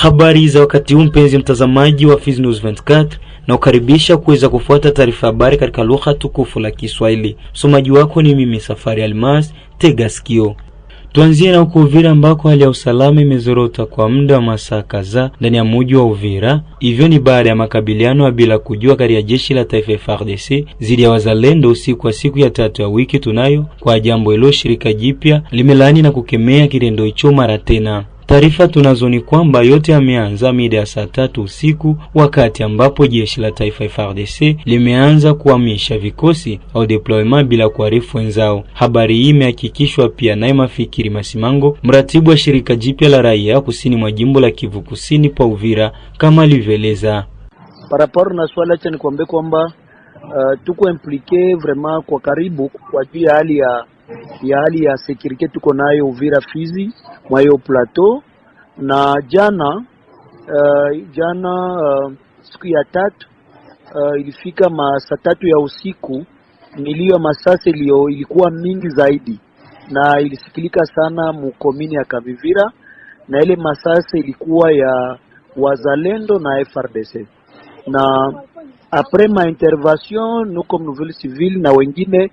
Habari za wakati huu mpenzi mtazamaji wa Fizi News 24 na ukaribisha kuweza kufuata taarifa habari katika lugha tukufu la Kiswahili. Msomaji wako ni mimi Safari Almas, tega sikio. Tuanzie na huko Uvira ambako hali ya usalama imezorota kwa muda wa masaa kadhaa ndani ya muji wa Uvira. Hivyo ni baada ya makabiliano ya bila kujua kati ya jeshi la taifa FARDC dhidi ya wazalendo usiku wa siku ya tatu ya wiki tunayo. Kwa jambo hilo, shirika jipya limelaani na kukemea kitendo hicho mara tena. Taarifa tunazo ni kwamba yote yameanza mida ya saa tatu usiku, wakati ambapo jeshi la taifa FARDC limeanza kuhamisha vikosi au deployment bila kuarifu wenzao. Habari hii imehakikishwa pia naye Mafikiri Masimango, mratibu wa shirika jipya la raia kusini mwa jimbo la Kivu Kusini pa Uvira, kama alivyoeleza paraparo na swala. Acha nikwambie kwamba uh, tuko implike vraiment kwa karibu kwa ajili ya hali ya ya hali ya sekirite tuko nayo Uvira, Fizi, mwa hiyo plateau. Na jana uh, jana uh, siku ya tatu uh, ilifika masaa tatu ya usiku, milio ya masasi ilikuwa mingi zaidi na ilisikilika sana mukomini ya Kavivira, na ile masasi ilikuwa ya wazalendo na FRDC na apres ma intervention nuko Nouvelle Civile na wengine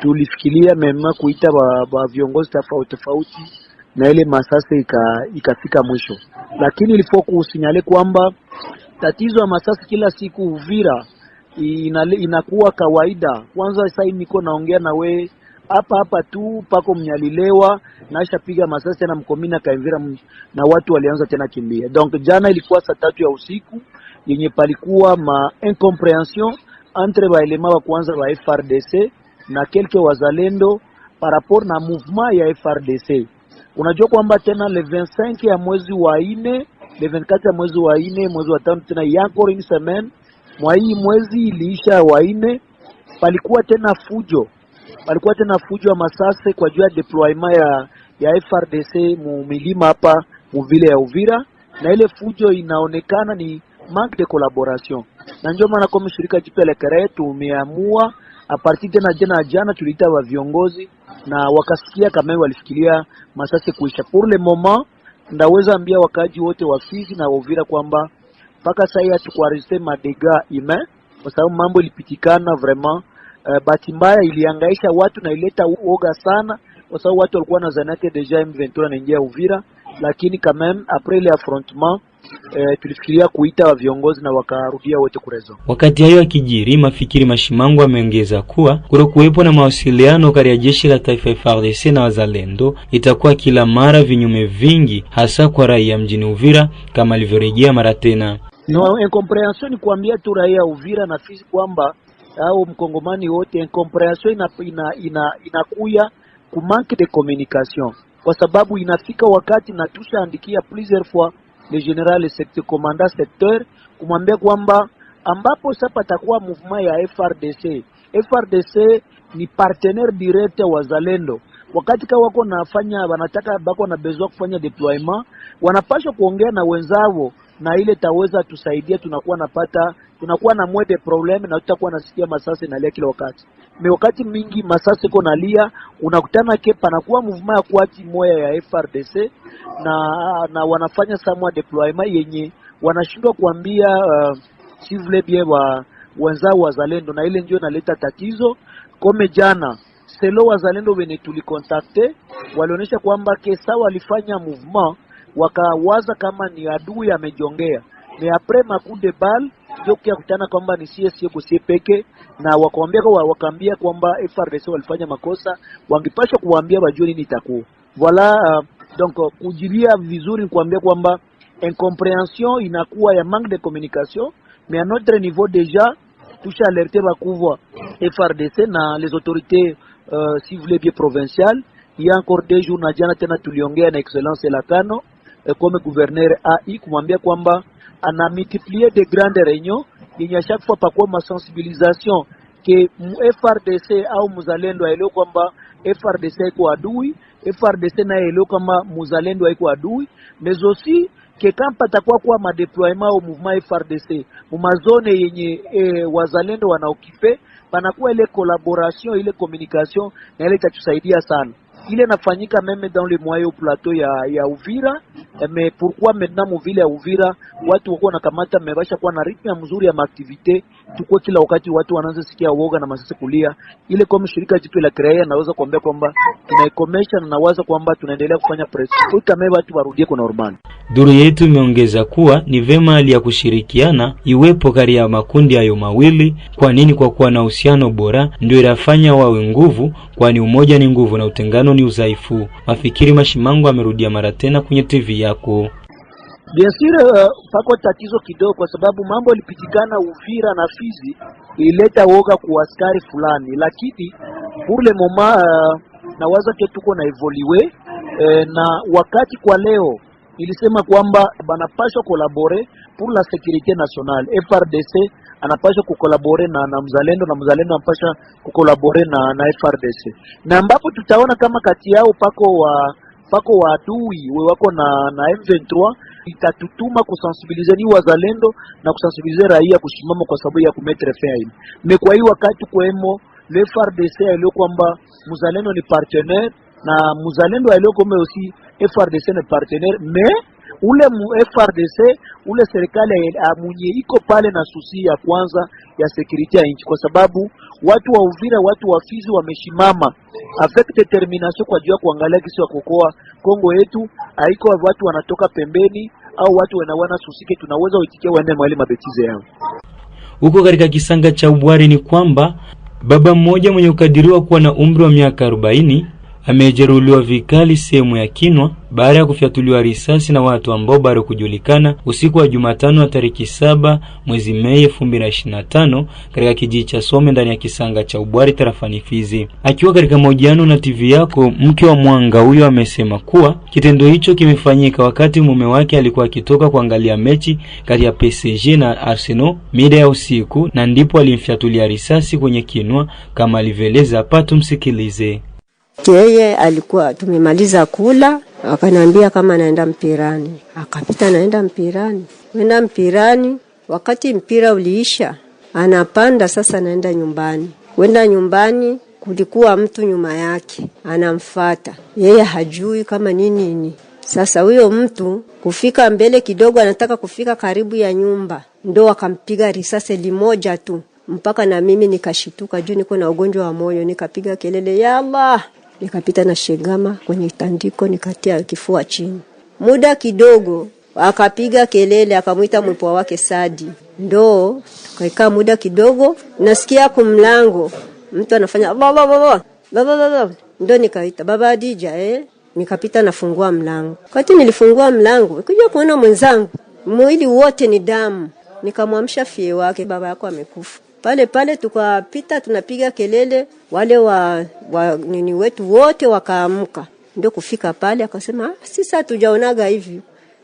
tulifikiria mema kuita wa viongozi tofauti tofauti, na ile masasi ikafika mwisho, lakini ilifo kusinyale kwamba tatizo ya masasi kila siku Uvira inakuwa kawaida. Kwanza sasa niko naongea na we hapa hapa tu pako mnyalilewa naisha piga masasi tena mkomina kaivira na watu walianza tena kimbia. Donc jana ilikuwa saa tatu ya usiku yenye palikuwa ma incomprehension entre baelema wa kwanza wa FRDC na kelke wazalendo rapport na mouvement ya FRDC. Unajua kwamba tena le 25 ya mwezi wa ine, le 24 ya mwezi wa ine, mwezi wa tano tena yankor in semaine mwa hii mwezi iliisha wa ine, palikuwa tena fujo, palikuwa tena fujo ya masase kwa juu ya deployment ya ya FRDC mu milima hapa muvile ya Uvira, na ile fujo inaonekana ni manque de collaboration, na ndio maana kwa mshirika jipya la Keret tumeamua aparti tena jana jana tuliita wa viongozi na wakasikia kama walifikiria masasi kuisha. Pour le moment, ndaweza ambia wakaaji wote wa Fizi na Uvira kwamba mpaka sasa hatukuariste madega ime, kwa sababu mambo ilipitikana vraiment, uh, bahati mbaya iliangaisha watu na ileta uoga sana, kwa sababu watu walikuwa na zanake deja M23 naingia Uvira, lakini kama après le affrontement E, tulifikiria kuita wa viongozi na wakarudia wote kurezo. Wakati hayo akijiri, Mafikiri Mashimangu ameongeza kuwa kuro kuwepo na mawasiliano kati ya jeshi la taifa FARDC na wazalendo itakuwa kila mara vinyume vingi, hasa kwa raia mjini Uvira, kama alivyorejea mara tena. No, incomprehension ni kuambia tu raia Uvira na Fizi kwamba au mkongomani wote, incomprehension inakuya ina, ina, ina ku manque de communication, kwa sababu inafika wakati na tushaandikia plusieurs fois le general secteur komanda secteur kumwambia kwamba ambapo sasa patakuwa movement ya FRDC. FRDC ni partenaire direct wa Zalendo, wakati ka wako nafanya wanataka bako na besoin kufanya deployment, wanapaswa kuongea na wenzao na ile taweza tusaidia, tunakuwa napata tunakuwa na mwede problem na tutakuwa nasikia masasi nalia kila wakati. Me wakati mingi masasi ko nalia, unakutana ke panakuwa movement ya kuati moya ya FRDC na na wanafanya samwa deployment yenye wanashindwa kuambia uh, si vile wa wenzao wazalendo, na ile ndio naleta tatizo kome jana selo wazalendo wenye tulikontakte walionyesha kwamba kesa walifanya movement wakawaza kama ni adui amejongea, ni apre makude bal jokia kutana kwamba ni sie sie kusie peke na wakaambia kwa wakaambia kwamba FRDC walifanya makosa, wangepaswa kuwaambia wajue nini itakuwa wala uh, donc kujilia vizuri kuambia kwamba incomprehension inakuwa ya manque de communication mais à notre niveau déjà tusha alerter bakubwa FRDC na les autorités euh, si vous voulez bien provinciales il y a encore deux jours na jana tena tuliongea na excellence Elakano Eh, comme gouverneur AI kumwambia kwamba ana multiplier de grande et yenye chaque fois pakuwa sensibilisation ke FRDC au muzalendo aelewe kwamba FRDC haiko adui, FRDC naye aelewe kama muzalendo haiko adui, mais aussi ke kampa quoi ma déploiement au mouvement FRDC mumazone yenye e, wazalendo wanaokipe panakuwa ile collaboration ile communication na ile itatusaidia sana. ile nafanyika meme dans le moyo plateau ya ya Uvira eh, me pourquoi maintenant ville ya Uvira watu wako nakamata mebasha kuwa na rythme ya mzuri ya maaktivite tuko kila wakati watu wanaanza sikia woga na masisi kulia ile. Kwa mshirika jipe la kiraia, naweza kuambia kwamba tunaikomesha na nawaza kwamba tunaendelea kufanya press kama watu warudie kwa normal. Duru yetu imeongeza kuwa ni vema hali ya kushirikiana iwepo kati ya makundi hayo mawili. Kwa nini? Kwa kuwa na uhusiano bora ndio inafanya wawe nguvu, kwani umoja ni nguvu na utengano ni udhaifu. Mafikiri Mashimango amerudia mara tena kwenye TV yako. Biasiri uh, pako tatizo kidogo, kwa sababu mambo yalipitikana Uvira na Fizi ileta woga kwa askari fulani, lakini pour le moment uh, nawaza ke tuko na evoliwe eh, na wakati kwa leo ilisema kwamba banapashwa kolabore pour la securite nationale. FRDC anapashwa kukolabore na, na mzalendo na mzalendo anapasha kukolabore na, na FRDC na ambapo tutaona kama kati yao pako wa pako waadui we wako na na M23 itatutuma ni wazalendo na kusensibilize raia kusimama kwa sababu ya kumetre fin. Me kwa hii wakati kwemo le FARDC aelewe kwamba mzalendo ni partenaire na mzalendo aelewe kwamba osi FARDC ni partenaire mais ule FRDC ule serikali mwenye iko pale na susi ya kwanza ya security ya nchi, kwa sababu watu wa Uvira, watu wa Fizi wameshimama avec determination kwa juu ya kuangalia kisi ya kuokoa Kongo yetu. Haiko watu wanatoka pembeni au watu wanawana susike, tunaweza waitikia waende mwali mabetize yao huko katika kisanga cha Ubwari. Ni kwamba baba mmoja mwenye ukadiriwa kuwa na umri wa miaka arobaini amejeruhiwa vikali sehemu ya kinwa baada ya kufyatuliwa risasi na watu ambao bado kujulikana usiku wa Jumatano wa tariki saba mwezi Mei 2025 katika kijiji cha Some ndani ya Kisanga cha Ubwari tarafani Fizi. Akiwa katika mahojiano na TV yako, mke wa mwanga huyo amesema kuwa kitendo hicho kimefanyika wakati mume wake alikuwa akitoka kuangalia mechi kati ya PSG na Arsenal mida ya usiku, na ndipo alimfyatulia risasi kwenye kinwa kama alivyoeleza hapa, tumsikilize. Yeye alikuwa tumemaliza kula, akaniambia kama naenda mpirani, akapita naenda mpirani. Wenda mpirani, wakati mpira uliisha, anapanda sasa, naenda nyumbani. Wenda nyumbani, kulikuwa mtu nyuma yake anamfata yeye, hajui kama ni nini. Sasa huyo mtu kufika mbele kidogo, anataka kufika karibu ya nyumba, ndo akampiga risasi limoja tu mpaka na mimi nikashituka juu niko na ugonjwa wa moyo, nikapiga kelele ya Allah nikapita na shegama kwenye tandiko nikatia kifua chini. Muda kidogo akapiga kelele, akamwita mwipwa wake Sadi, ndo tukaikaa muda kidogo, nasikia kumlango mtu anafanya baba baba baba baba, ndo nikaita baba Adija, eh nikapita nafungua mlango. Wakati nilifungua mlango, kuja kuona mwenzangu mwili wote ni damu. Nikamwamsha fie wake, baba yako amekufa pale pale tukapita, tunapiga kelele, wale wa, wa nini wetu wote wakaamka, ndio kufika pale akasema ah, sisa tujaonaga hivi,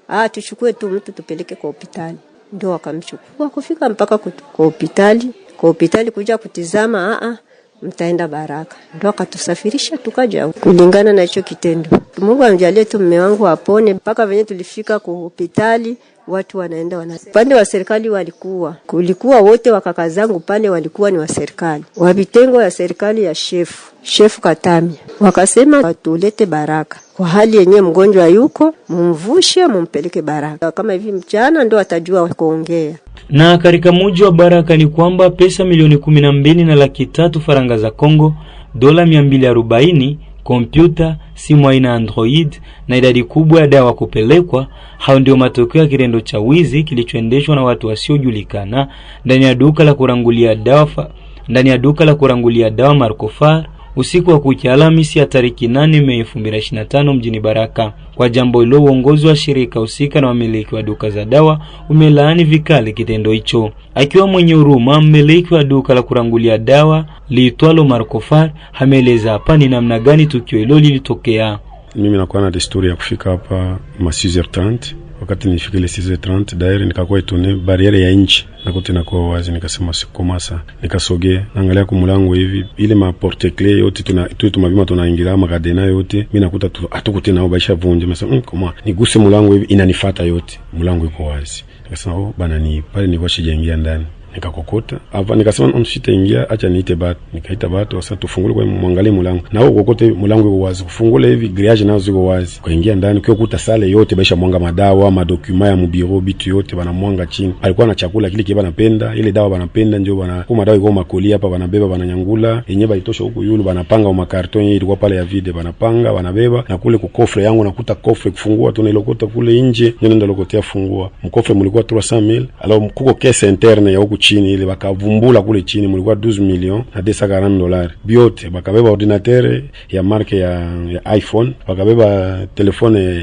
ah, tuchukue tu mtu tupeleke kwa hospitali. Ndio wakamchukua kufika mpaka kwa hospitali, kwa hospitali kuja kutizama, ah ah mtaenda baraka. Ndo akatusafirisha tukaja kulingana na hicho kitendo. Mungu amjalie tu mume wangu apone, mpaka venye tulifika ku hospitali watu wanaenda wana upande wa serikali walikuwa kulikuwa wote wakaka zangu pale walikuwa ni wa serikali wa vitengo ya serikali ya shefu shefu Katamia, wakasema watulete Baraka kwa hali yenyewe mgonjwa yuko, mumvushe mumpeleke Baraka. Kama hivi mchana ndo atajua kuongea na katika muji wa Baraka ni kwamba pesa milioni 12 na laki tatu faranga za Kongo, dola 240, kompyuta, simu aina Android na idadi kubwa ya dawa kupelekwa. Hao ndio matokeo ya kitendo cha wizi kilichoendeshwa na watu wasiojulikana ndani ya duka la kurangulia dawa ndani ya duka la kurangulia dawa Marcofar usiku wa kucha Alhamisi ya tariki 8 Mei 2025 mjini Baraka. Kwa jambo hilo, uongozi wa shirika husika na wamiliki wa duka za dawa umelaani vikali kitendo hicho. Akiwa mwenye huruma, mmiliki wa duka la kurangulia dawa liitwalo Marcofar ameeleza hapa ni namna gani tukio hilo lilitokea. Mimi nakuwa na desturi ya kufika hapa ma 6h30 Wakati nifikile ile 30 daire nikakuwa itone bariere ya nchi na kote wazi, nikasema sikomasa, nikasogea naangalia ku hivi, ile ma porte clé yote tuna tu tumavima tunaingilia makadena yote, mimi nakuta tu atukute nao baisha vunje, nimesema mm, koma niguse mlango hivi, inanifata yote, mlango iko wazi, nikasema oh bana, ni pale nilikuwa sijaingia ndani nikakokota hapa nikasema mshi taingia, acha niite batu. Nikaita batu, wasa tufungule kwa mwangalie mulango na huko kokote, mulango iko wazi, kufungule hivi griage nazo ziko wazi. Kaingia ndani kio kuta sale yote baisha mwanga madawa madokuma ya mubiro bitu yote bana mwanga chini. Alikuwa na chakula kile kile banapenda, ile dawa banapenda, ndio bana kwa madawa iko makoli hapa banabeba bananyangula yenye baitosha huko yulu banapanga au makarton yenye ilikuwa pale ya vide banapanga banabeba na kule ku kofre yangu nakuta kofre kufungua tu na ilokota kule nje, ndio ndio lokotea fungua mkofre mlikuwa mulikuwa 300000 alao kuko kese interne ya huko chini ile, bakavumbula kule chini mulikuwa 12 million na 240 dollars biote, bakabeba ordinateur ya marke ya, ya iPhone, bakabeba telefone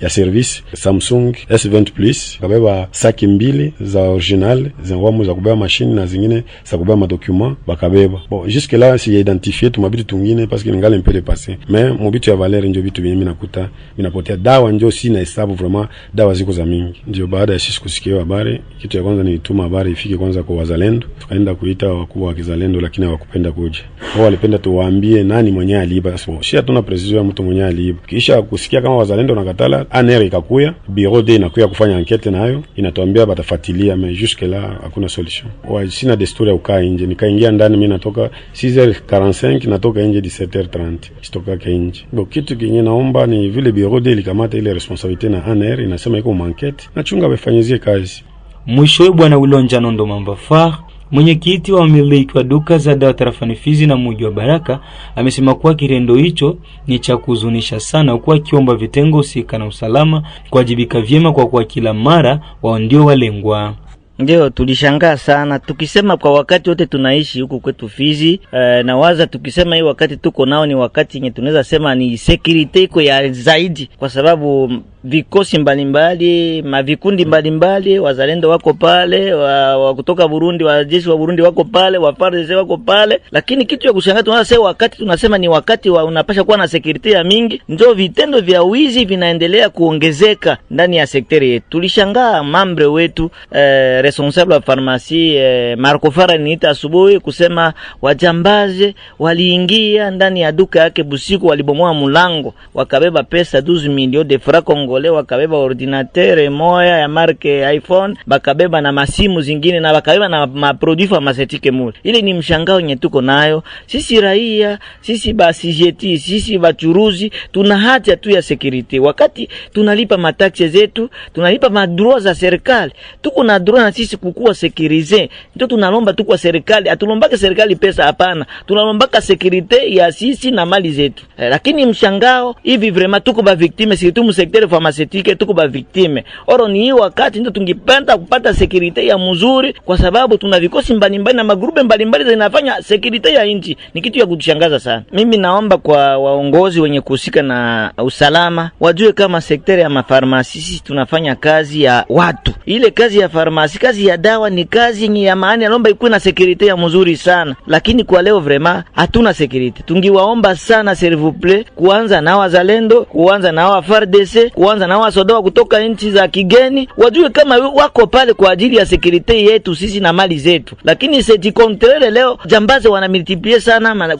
ya service Samsung S20 Plus, bakabeba saki mbili za original zingwamu za kubeba mashine na zingine za kubeba madocument bakabeba. Bon, jusque la tu mabitu tungine parce que ningali mpele passé mais me bitu ya valeur ndio bitu vyenye nakuta minapotea. Dawa ndio si na hesabu, vraiment dawa ziko za mingi. Ndio baada ya sisi kusikia habari, kitu ya kwanza ni ituma habari ifike kwanza kwanza kwa wazalendo, tukaenda kuita wakubwa wa kizalendo, lakini hawakupenda kuja. Wao walipenda tuwaambie nani mwenyewe aliiba, sio shia tuna precision ya mtu mwenyewe aliiba. Kisha kusikia kama wazalendo na katala aner ikakuya bureau de inakuya kufanya enquete, nayo inatuambia batafuatilia, mais jusque la hakuna solution. Wa sina desturi ya ukaa nje, nikaingia ndani, mimi natoka 6h45 natoka nje 17h30 sitoka nje. Bo kitu kinye naomba ni vile bureau de likamata ile responsabilite na aner inasema iko mankete, nachunga wafanyizie kazi mwishowe bwana Wilonja Nondo Mambafar mwenyekiti wa wamiliki wa duka za dawa tarafani Fizi na muji wa Baraka amesema kuwa kitendo hicho ni cha kuhuzunisha sana, huku akiomba vitengo husika na usalama kuwajibika vyema kwa kuwa kila mara wao ndio walengwa. Ndio tulishangaa sana tukisema kwa wakati wote tunaishi huku kwetu Fizi e, na waza tukisema hii wakati tuko nao ni wakati yenye tunaweza sema ni security iko ya zaidi, kwa sababu vikosi mbalimbali mavikundi mbalimbali, wazalendo wako pale, wa, wa kutoka Burundi, wajeshi wa Burundi wako pale, wa FARDC wako pale. Lakini kitu ya kushangaza tunasema, wakati tunasema ni wakati wa unapasha kuwa na sekurite ya mingi, ndio vitendo vya wizi vinaendelea kuongezeka ndani ya sekteri yetu. Tulishangaa mambre wetu eh, responsable wa farmasi eh, Marco Fara niita asubuhi kusema wajambaze waliingia ndani ya duka yake busiku, walibomoa mlango wakabeba pesa 12 milioni de franc Kongo waleo wakabeba ordinateur moya ya marke iPhone, bakabeba na masimu zingine na bakabeba na maprodui farmasitike mule. Ile ni mshangao nye tuko nayo sisi raia, sisi basijeti, sisi bachuruzi, tuna hatia tu ya security. Wakati tunalipa mataxe zetu, tunalipa madroa za serikali, tuko na droa na sisi kukuwa sekirize. Ndio tunalomba tu kwa serikali, atulombake serikali pesa hapana, tunalombaka security ya sisi na mali zetu eh, lakini mshangao hivi vraiment tuko ba victime sisi tu mu secteur masetike tuko ba victime. Oro ni wakati ndio tungipenda kupata sekirite ya mzuri, kwa sababu tuna vikosi mbalimbali na magrupe mbalimbali zinafanya sekirite ya nchi. Ni kitu ya kutushangaza sana. Mimi naomba kwa waongozi wenye kuhusika na usalama wajue kama sekteri ya mafarmasi sisi tunafanya kazi ya watu. Ile kazi ya farmasi, kazi ya dawa ni kazi yenye ya maana, naomba ikuwe na sekirite ya mzuri sana, lakini kwa leo vrema hatuna sekirite. Tungiwaomba sana s'il vous plaît, kuanza na wazalendo, kuanza na wa FARDC kwanza na wasodoa kutoka nchi za kigeni, wajue kama wako pale kwa ajili ya sekurite yetu sisi na mali zetu. Lakini sejikontrele leo jambazi wanamultiplie sana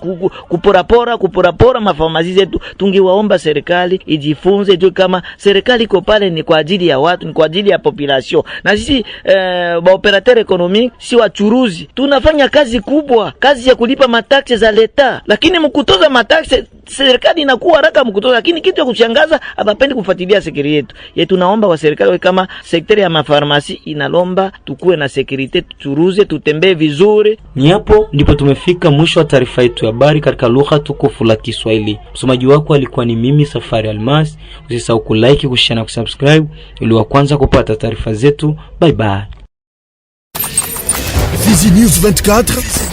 kuporapora kuporapora mafamazi zetu. Tungewaomba serikali ijifunze, ijue kama serikali iko pale ni kwa ajili ya watu, ni kwa ajili ya population, na sisi eh, ekonomiki si wachuruzi, tunafanya kazi kubwa, kazi ya kulipa mataksi za leta, lakini mkutoza mataksi serikali inakuwa haraka mkutoa, lakini kitu ya kushangaza hapapendi kufuatilia sekiri yetu ye. tunaomba wa serikali kama sekteri ya mafarmasi inalomba tukuwe na sekuriti, turuze, tutembee vizuri. Ni hapo ndipo tumefika mwisho wa taarifa yetu ya habari katika lugha tukufu la Kiswahili. Msomaji wako alikuwa ni mimi Safari Almas. Usisahau kulike, kushare na kusubscribe ili wa kwanza kupata taarifa zetu. Bye bye. Fizi News 24